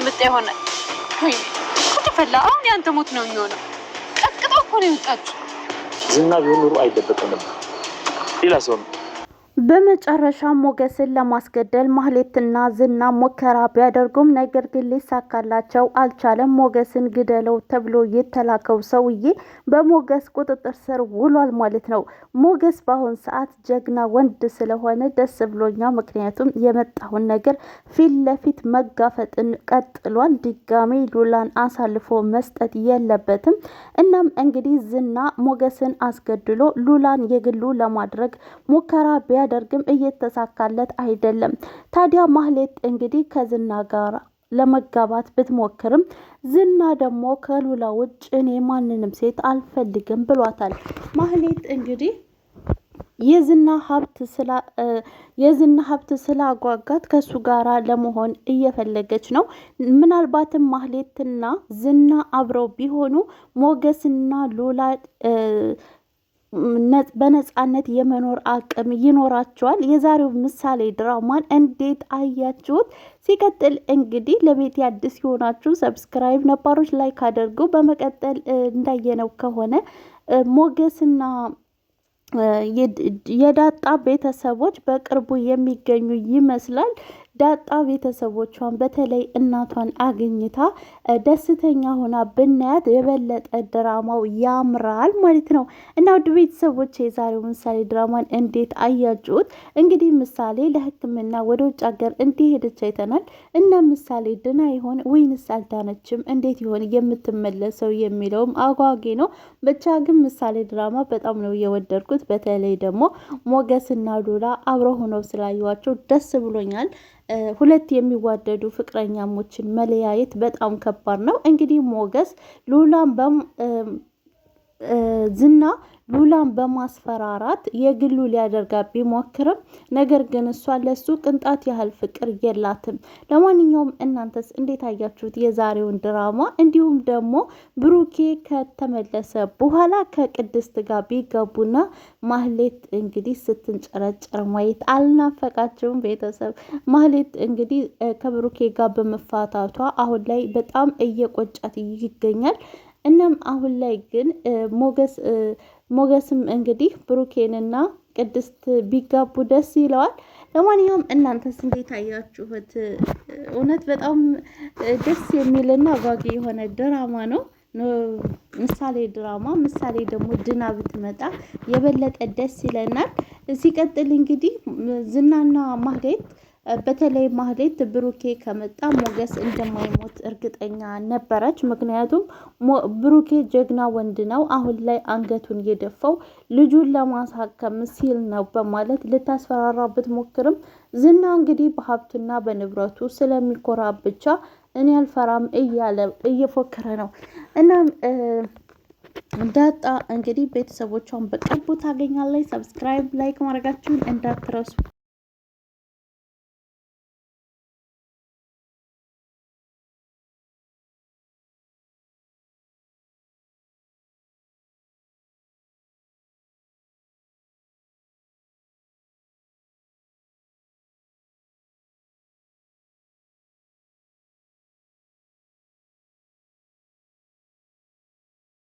እየመጣ የሆነ ከተፈላ አሁን ያንተ ሞት ነው የሚሆነው። ቀጥቅጣ እኮ ነው የመጣችሁ። ዝና ቢሆን ኑሮ አይደበቅም ነበር፣ ሌላ ሰው ነው በመጨረሻ ሞገስን ለማስገደል ማህሌትና ዝና ሙከራ ቢያደርጉም ነገር ግን ሊሳካላቸው አልቻለም። ሞገስን ግደለው ተብሎ የተላከው ሰውዬ በሞገስ ቁጥጥር ስር ውሏል ማለት ነው። ሞገስ በአሁን ሰዓት ጀግና ወንድ ስለሆነ ደስ ብሎኛ ምክንያቱም የመጣውን ነገር ፊት ለፊት መጋፈጥን ቀጥሏል። ድጋሜ ሉላን አሳልፎ መስጠት የለበትም። እናም እንግዲህ ዝና ሞገስን አስገድሎ ሉላን የግሉ ለማድረግ ሙከራ ቢያደርግም እየተሳካለት አይደለም። ታዲያ ማህሌት እንግዲህ ከዝና ጋር ለመጋባት ብትሞክርም ዝና ደግሞ ከሉላ ውጭ እኔ ማንንም ሴት አልፈልግም ብሏታል። ማህሌት እንግዲህ የዝና ሀብት ስላ የዝና ሀብት ስላጓጋት ከሱ ጋራ ለመሆን እየፈለገች ነው። ምናልባትም ማህሌትና ዝና አብረው ቢሆኑ ሞገስና ሉላ በነፃነት የመኖር አቅም ይኖራቸዋል። የዛሬው ምሳሌ ድራማን እንዴት አያችሁት? ሲቀጥል እንግዲህ ለቤት አዲስ የሆናችሁ ሰብስክራይብ፣ ነባሮች ላይክ አድርጉ። በመቀጠል እንዳየነው ከሆነ ሞገስና የዳጣ ቤተሰቦች በቅርቡ የሚገኙ ይመስላል። ዳጣ ቤተሰቦቿን በተለይ እናቷን አግኝታ ደስተኛ ሆና ብናያት የበለጠ ድራማው ያምራል ማለት ነው። እና ውድ ቤተሰቦች የዛሬው ምሳሌ ድራማን እንዴት አያችሁት? እንግዲህ ምሳሌ ለሕክምና ወደ ውጭ ሀገር እንዲሄደች አይተናል። እና ምሳሌ ድና ይሆን ወይንስ አልዳነችም? እንዴት ይሆን የምትመለሰው የሚለውም አጓጊ ነው። ብቻ ግን ምሳሌ ድራማ በጣም ነው የወደድኩት። በተለይ ደግሞ ሞገስና ዶላ አብረው ሆነው ስላየዋቸው ደስ ብሎኛል። ሁለት የሚዋደዱ ፍቅረኛሞችን መለያየት በጣም ከባድ ነው። እንግዲህ ሞገስ ሉላን ዝና ሉላን በማስፈራራት የግሉ ሊያደርጋት ቢሞክርም ነገር ግን እሷ ለሱ ቅንጣት ያህል ፍቅር የላትም። ለማንኛውም እናንተስ እንዴት አያችሁት የዛሬውን ድራማ? እንዲሁም ደግሞ ብሩኬ ከተመለሰ በኋላ ከቅድስት ጋር ቢገቡና ማህሌት እንግዲህ ስትንጨረጨር ማየት አልናፈቃችሁም? ቤተሰብ ማህሌት እንግዲህ ከብሩኬ ጋር በመፋታቷ አሁን ላይ በጣም እየቆጫት ይገኛል። እናም አሁን ላይ ግን ሞገስ ሞገስም እንግዲህ ብሩኬንና ቅድስት ቢጋቡ ደስ ይለዋል። ለማንኛውም እናንተስ እንዴት አያችሁት? እውነት በጣም ደስ የሚልና አጓጊ የሆነ ድራማ ነው። ምሳሌ ድራማ ምሳሌ ደግሞ ድና ብትመጣ የበለጠ ደስ ይለናል። ሲቀጥል እንግዲህ ዝናና ማህሌት በተለይ ማህሌት ብሩኬ ከመጣ ሞገስ እንደማይሞት እርግጠኛ ነበረች። ምክንያቱም ብሩኬ ጀግና ወንድ ነው፣ አሁን ላይ አንገቱን የደፋው ልጁን ለማሳከም ሲል ነው በማለት ልታስፈራራ ብትሞክርም ዝና እንግዲህ በሀብቱና በንብረቱ ስለሚኮራ ብቻ እኔ አልፈራም እያለ እየፎከረ ነው። እናም ዳጣ እንግዲህ ቤተሰቦቿን በቅርቡ ታገኛለች። ሰብስክራይብ፣ ላይክ ማድረጋችሁን እንዳትረሱ።